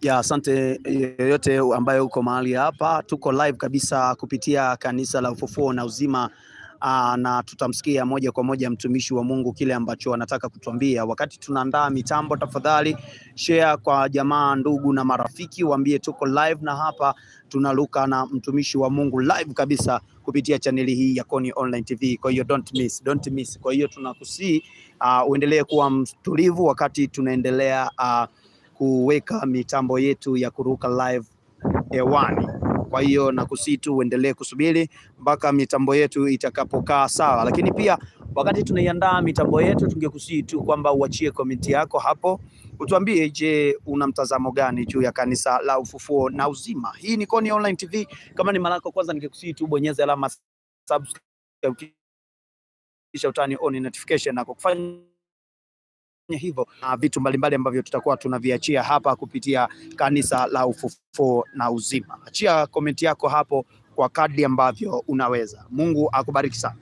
Ya, asante yoyote ambaye uko mahali hapa, tuko live kabisa kupitia Kanisa la Ufufuo na Uzima. Aa, ah, na tutamsikia moja kwa moja mtumishi wa Mungu kile ambacho anataka kutuambia. Wakati tunaandaa mitambo, tafadhali share kwa jamaa, ndugu na marafiki, waambie tuko live na hapa tunaluka na mtumishi wa Mungu live kabisa kupitia chaneli hii ya Koni Online TV. Kwa hiyo don't miss, don't miss. Kwa hiyo tunakusii ah, uendelee kuwa mtulivu wakati tunaendelea uh, kuweka mitambo yetu ya kuruka live hewani. Kwa hiyo nakusii tu uendelee kusubiri mpaka mitambo yetu itakapokaa sawa, lakini pia wakati tunaiandaa mitambo yetu, tungekusii tu kwamba uachie komenti yako hapo, utuambie, je, una mtazamo gani juu ya kanisa la ufufuo na uzima? Hii ni Koni Online TV. Kama ni mara yako kwanza, ningekusii tu bonyeze alama subscribe, kisha utani on notification na kukufanya hivyo na vitu mbalimbali ambavyo tutakuwa tunaviachia hapa kupitia Kanisa la Ufufuo na Uzima. Achia komenti yako hapo kwa kadri ambavyo unaweza. Mungu akubariki sana.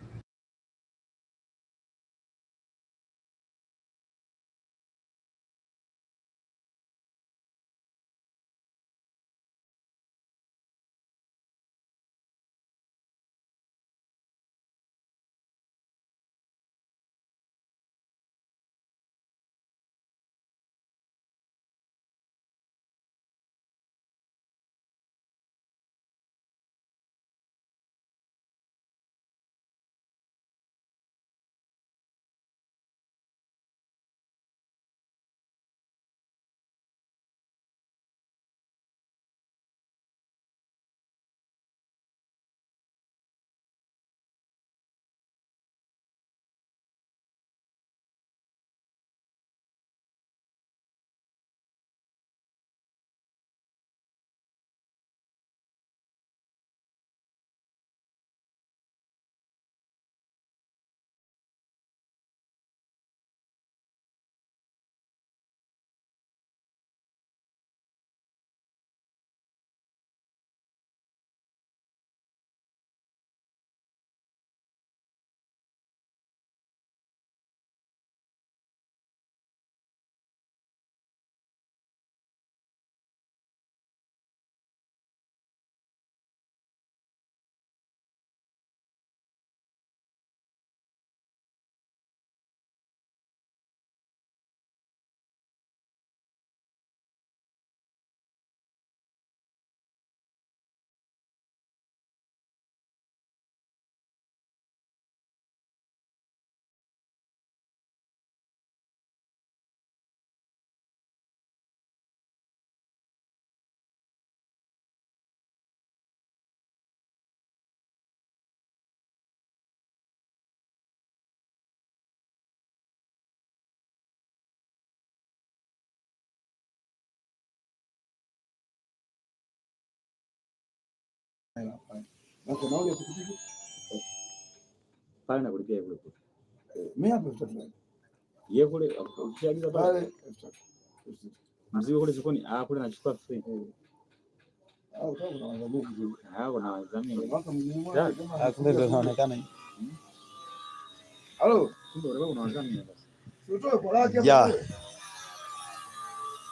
pale nakulipia kule kule. Eh, mimi hapa elfu tatu. Yeye kule ukiagiza pale elfu tatu. Mzigo kule sokoni, ah kule nachukua free. Eh. Au ah, kama kuna wazabuku hivi. Ah kuna wazamini. Yaani, ah kumbe ndio inaonekana hivi. Hmm? Halo, kumbe unaweza kuna wazamini basi. Tutoe kwa lake.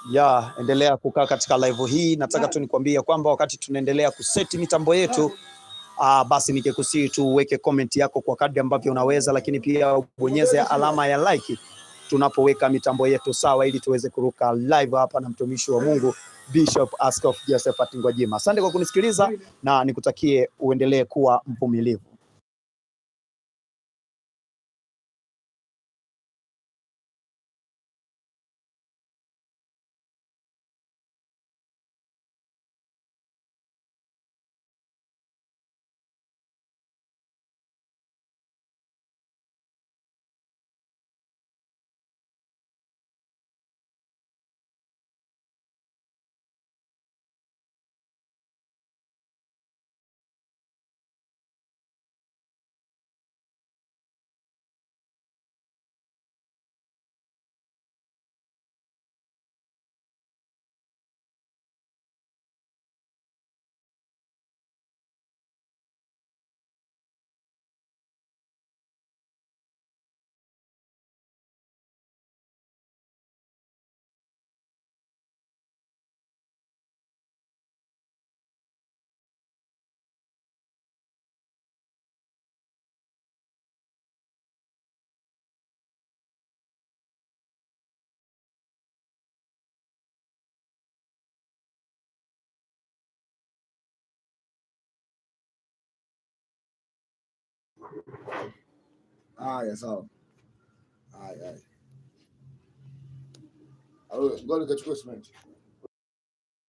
Ya, endelea kukaa katika live hii. Nataka tu nikwambie kwamba wakati tunaendelea kuseti mitambo yetu Aa, ah, basi nikikusii tu uweke comment yako kwa kadri ambavyo unaweza, lakini pia ubonyeze alama ya like tunapoweka mitambo yetu sawa, ili tuweze kuruka live hapa na mtumishi wa Mungu Bishop Askofu Josephat Gwajima. Asante kwa kunisikiliza na nikutakie uendelee kuwa mvumilivu. Haya, sawa. Haya, haya. Ngoja nikachukua simenti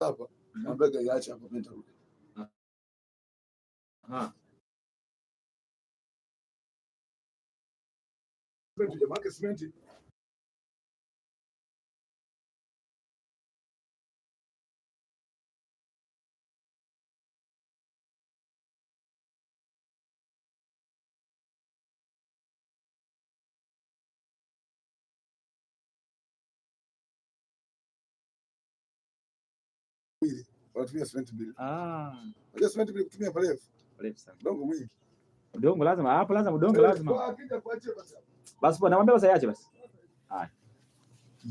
hapa, ambaye gaiache hapa, mimi nitarudi. Simenti jamake, simenti wanatumia cement mbili. Ah. Unajua cement mbili kutumia palefu. Palefu sana. Udongo mwingi. Udongo lazima, hapo lazima udongo eh, lazima. Akija kuache basi. Basi bwana, naomba basi aache basi. Haya.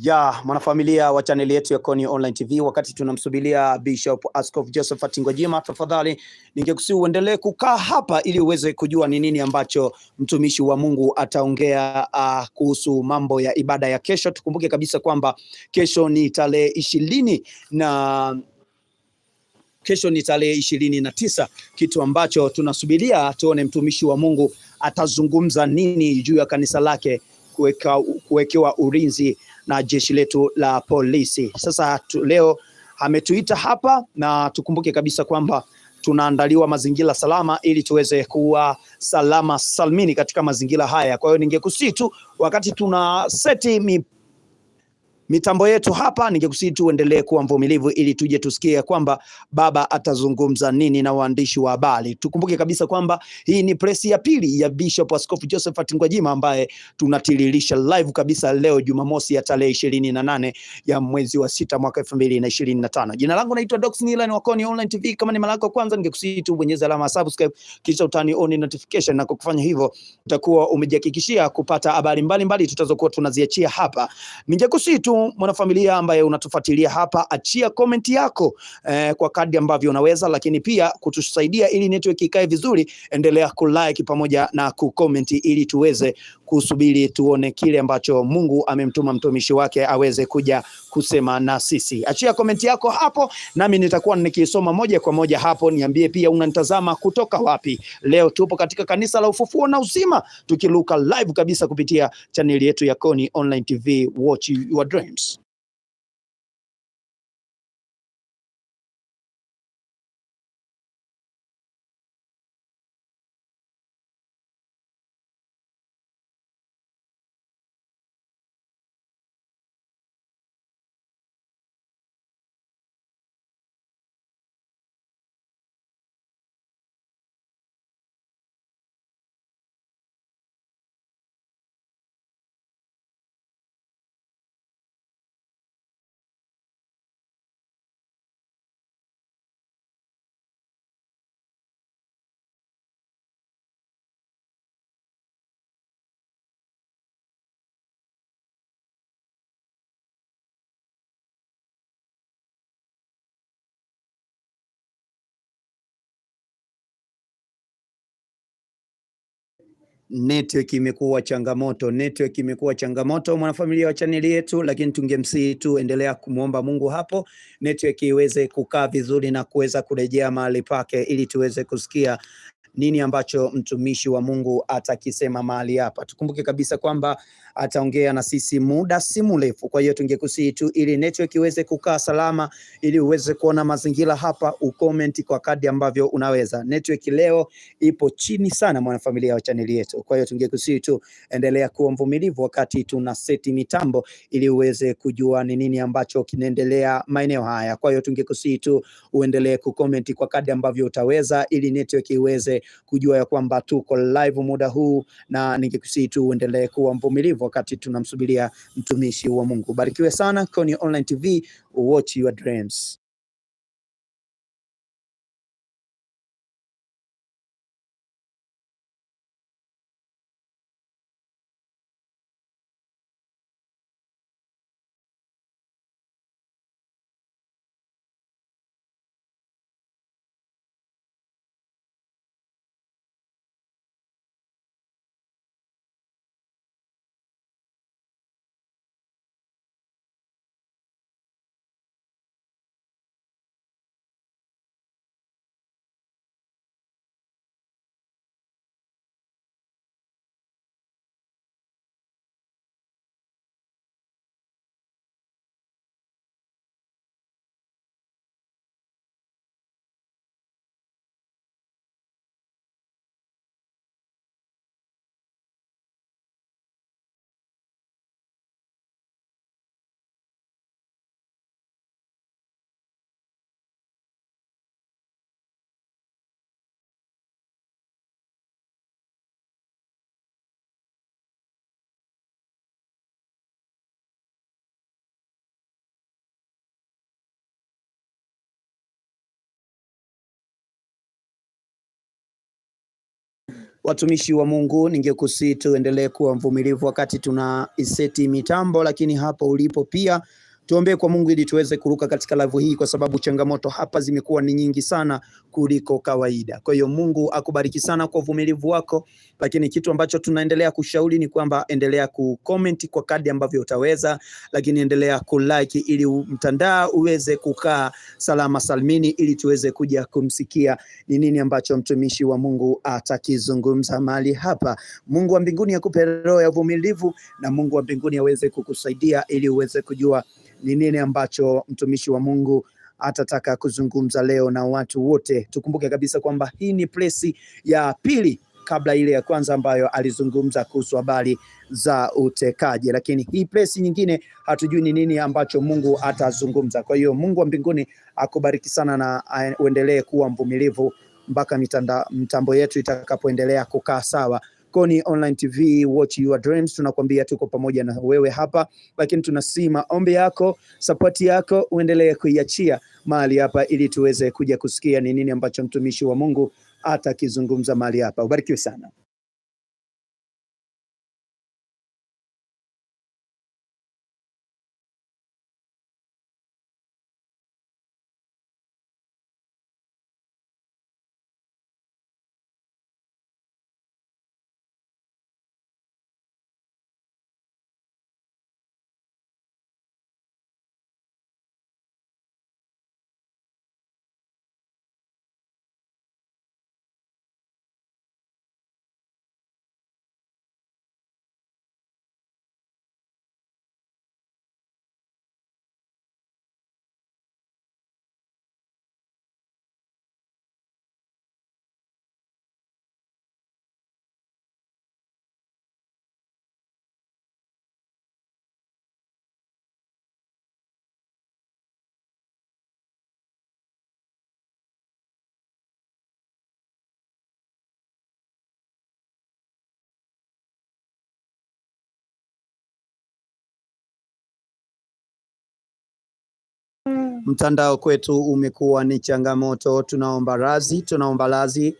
Ya mwanafamilia wa chaneli yetu ya Koni Online TV, wakati tunamsubiria Bishop Askofu Josephat Gwajima, tafadhali ningekusihi uendelee kukaa hapa ili uweze kujua ni nini ambacho mtumishi wa Mungu ataongea uh, kuhusu mambo ya ibada ya kesho. Tukumbuke kabisa kwamba kesho ni tarehe ishirini na Kesho ni tarehe ishirini na tisa, kitu ambacho tunasubiria tuone mtumishi wa Mungu atazungumza nini juu ya kanisa lake kuwekewa ulinzi na jeshi letu la polisi. Sasa tu, leo ametuita hapa na tukumbuke kabisa kwamba tunaandaliwa mazingira salama ili tuweze kuwa salama salmini katika mazingira haya. Kwa hiyo ningekusii tu wakati tuna seti mi mitambo yetu hapa, ningekusii tu endelee kuwa mvumilivu ili tuje tusikie kwamba baba atazungumza nini na waandishi wa habari. Tukumbuke kabisa kwamba hii ni presi ya pili ya Bishop Askofu Josephat Gwajima ambaye tunatiririsha live kabisa leo Jumamosi ya tarehe ishirini na nane ya mwezi wa sita mwaka elfu mbili na ishirini na tano. Jina langu naitwa Dox Nilan Wakoni Online TV. Kama ni mara yako kwanza, ningekusii tu bonyeza alama subscribe kisha utani on notification, na kwa kufanya hivyo utakuwa umejihakikishia kupata habari mbalimbali tutazokuwa tunaziachia hapa. Ningekusii tu mwanafamilia ambaye unatufuatilia hapa, achia komenti yako eh, kwa kadri ambavyo unaweza, lakini pia kutusaidia ili network ikae vizuri, endelea kulike pamoja na kukomenti ili tuweze kusubiri tuone kile ambacho Mungu amemtuma mtumishi wake aweze kuja kusema na sisi. Achia komenti yako hapo, nami nitakuwa nikisoma moja kwa moja hapo. Niambie pia unanitazama kutoka wapi. Leo tupo katika kanisa la Ufufuo na Uzima, tukiluka live kabisa kupitia chaneli yetu ya Koni Online TV, Watch Your Dreams. network imekuwa changamoto, network imekuwa changamoto, mwanafamilia wa chaneli yetu, lakini tungemsihi tu endelea kumwomba Mungu hapo network iweze kukaa vizuri na kuweza kurejea mahali pake, ili tuweze kusikia nini ambacho mtumishi wa Mungu atakisema mahali hapa. Tukumbuke kabisa kwamba ataongea na sisi muda si mrefu, kwa hiyo tungekusihi tu ili network iweze kukaa salama, ili uweze kuona mazingira hapa, ucomment kwa kadi ambavyo unaweza. Network leo ipo chini sana, mwanafamilia wa chaneli yetu, kwa hiyo tungekusihi tu endelea kuwa mvumilivu wakati tuna seti mitambo, ili uweze kujua ni nini ambacho kinaendelea maeneo haya. Kwa hiyo tungekusihi tu uendelee kucomment kwa kadi ambavyo utaweza, ili network iweze kujua ya kwamba tuko live muda huu, na ningekusii tu uendelee kuwa mvumilivu wakati tunamsubiria mtumishi wa Mungu. Barikiwe sana Koni Online TV, watch your dreams. Watumishi wa Mungu, ningekusii tuendelee kuwa mvumilivu wakati tuna iseti mitambo, lakini hapo ulipo pia Tuombee kwa Mungu ili tuweze kuruka katika lavu hii, kwa sababu changamoto hapa zimekuwa ni nyingi sana kuliko kawaida. Kwa hiyo Mungu akubariki sana kwa uvumilivu wako, lakini kitu ambacho tunaendelea kushauri ni kwamba endelea kucomment kwa kadri ambavyo utaweza, lakini endelea kulike ili mtandao uweze kukaa salama salmini, ili tuweze kuja kumsikia ni nini ambacho mtumishi wa Mungu atakizungumza mahali hapa. Mungu wa mbinguni akupe roho ya uvumilivu, na Mungu wa mbinguni aweze kukusaidia ili uweze kujua ni nini ambacho mtumishi wa Mungu atataka kuzungumza leo na watu wote. Tukumbuke kabisa kwamba hii ni presi ya pili kabla ile ya kwanza ambayo alizungumza kuhusu habari za utekaji, lakini hii presi nyingine hatujui ni nini ambacho Mungu atazungumza. Kwa hiyo Mungu wa mbinguni akubariki sana na uendelee kuwa mvumilivu mpaka mtambo yetu itakapoendelea kukaa sawa. Koni Online TV, watch your dreams. Tunakwambia tuko pamoja na wewe hapa, lakini tunasii maombi yako, support yako uendelee kuiachia mahali hapa, ili tuweze kuja kusikia ni nini ambacho mtumishi wa Mungu atakizungumza mahali hapa. Ubarikiwe sana. Mtandao kwetu umekuwa ni changamoto, tunaomba razi tunaomba razi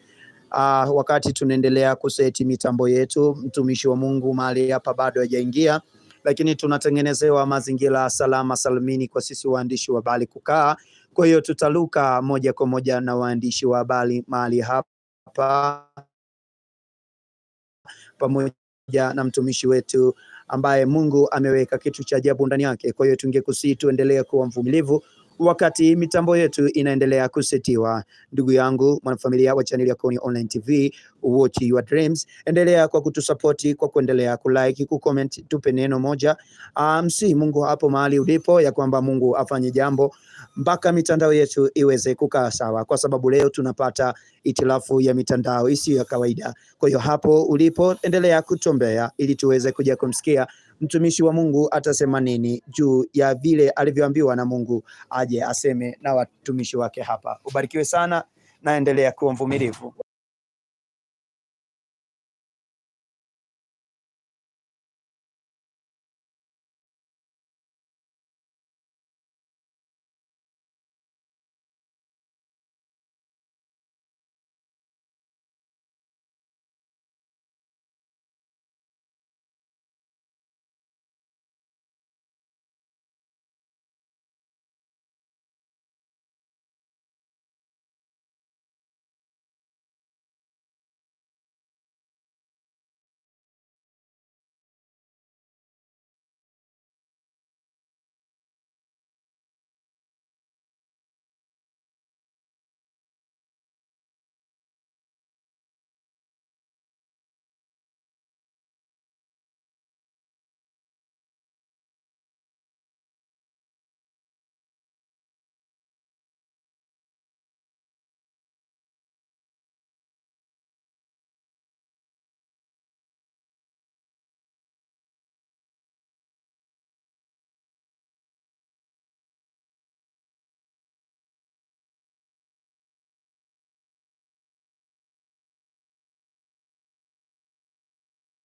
Uh, ah, wakati tunaendelea kuseti mitambo yetu, mtumishi wa Mungu mahali hapa bado hajaingia, lakini tunatengenezewa mazingira salama salimini kwa sisi waandishi wa habari kukaa. Kwa hiyo tutaluka moja kwa moja na waandishi wa habari mahali hapa pamoja na mtumishi wetu ambaye Mungu ameweka kitu cha ajabu ndani yake. Kwa hiyo tungekusihi tuendelee kuwa mvumilivu wakati mitambo yetu inaendelea kusetiwa. Ndugu yangu mwanafamilia wa chaneli ya Koni Online TV, watch your dreams, endelea kwa kutusapoti kwa kuendelea kulike, kucomment, tupe neno moja msi um, Mungu hapo mahali ulipo, ya kwamba Mungu afanye jambo mpaka mitandao yetu iweze kukaa sawa, kwa sababu leo tunapata itilafu ya mitandao isiyo ya kawaida. Kwa hiyo hapo ulipo, endelea kutombea ili tuweze kuja kumsikia mtumishi wa Mungu atasema nini juu ya vile alivyoambiwa na Mungu aje aseme na watumishi wake hapa. Ubarikiwe sana na endelea kuwa mvumilivu.